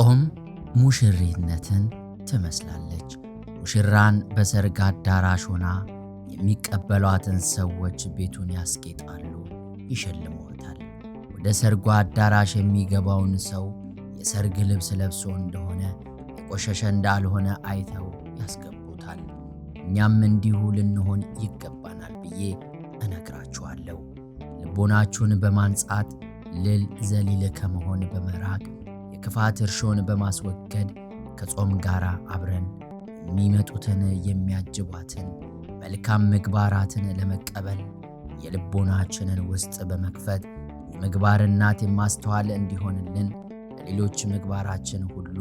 ጾም ሙሽሪነትን ትመስላለች። ሙሽራን በሰርግ አዳራሽ ሆና የሚቀበሏትን ሰዎች ቤቱን ያስጌጣሉ፣ ይሸልሙታል። ወደ ሰርጉ አዳራሽ የሚገባውን ሰው የሰርግ ልብስ ለብሶ እንደሆነ የቆሸሸ እንዳልሆነ አይተው ያስገቡታል። እኛም እንዲሁ ልንሆን ይገባናል ብዬ እነግራችኋለሁ። ልቦናችሁን በማንጻት ልል ዘሊል ከመሆን በመራቅ የክፋት እርሾን በማስወገድ ከጾም ጋር አብረን የሚመጡትን የሚያጅቧትን መልካም ምግባራትን ለመቀበል የልቦናችንን ውስጥ በመክፈት የምግባር እናት የማስተዋል እንዲሆንልን ለሌሎች ምግባራችን ሁሉ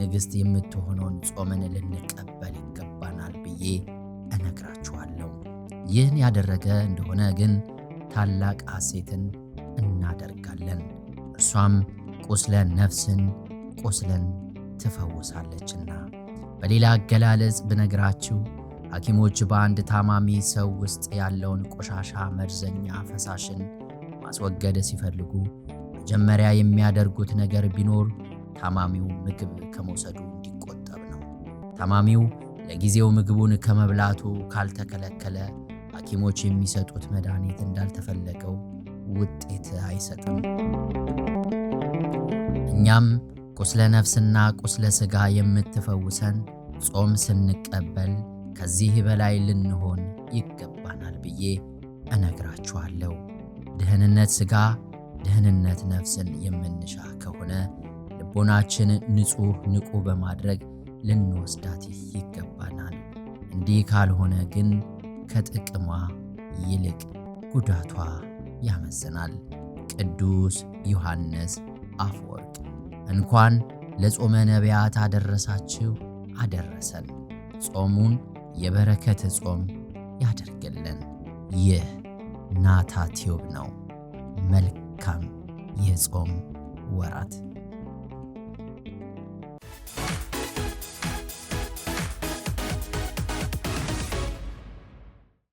ንግሥት የምትሆነውን ጾምን ልንቀበል ይገባናል ብዬ እነግራችኋለሁ። ይህን ያደረገ እንደሆነ ግን ታላቅ ሐሴትን እናደርጋለን። እርሷም ቁስለን ነፍስን ቁስለን ትፈውሳለችና። በሌላ አገላለጽ ብነግራችሁ ሐኪሞች በአንድ ታማሚ ሰው ውስጥ ያለውን ቆሻሻ መርዘኛ ፈሳሽን ማስወገድ ሲፈልጉ መጀመሪያ የሚያደርጉት ነገር ቢኖር ታማሚው ምግብ ከመውሰዱ እንዲቆጠብ ነው። ታማሚው ለጊዜው ምግቡን ከመብላቱ ካልተከለከለ ሐኪሞች የሚሰጡት መድኃኒት እንዳልተፈለገው ውጤት አይሰጥም። እኛም ቁስለ ነፍስና ቁስለ ሥጋ የምትፈውሰን ጾም ስንቀበል ከዚህ በላይ ልንሆን ይገባናል ብዬ እነግራችኋለሁ። ደህንነት ሥጋ፣ ደህንነት ነፍስን የምንሻ ከሆነ ልቦናችን ንጹሕ ንቁ በማድረግ ልንወስዳት ይገባናል። እንዲህ ካልሆነ ግን ከጥቅሟ ይልቅ ጉዳቷ ያመዝናል። ቅዱስ ዮሐንስ አፈወርቅ እንኳን ለጾመ ነቢያት አደረሳችሁ አደረሰን። ጾሙን የበረከት ጾም ያደርግልን። ይህ ናታ ቲዩብ ነው። መልካም የጾም ወራት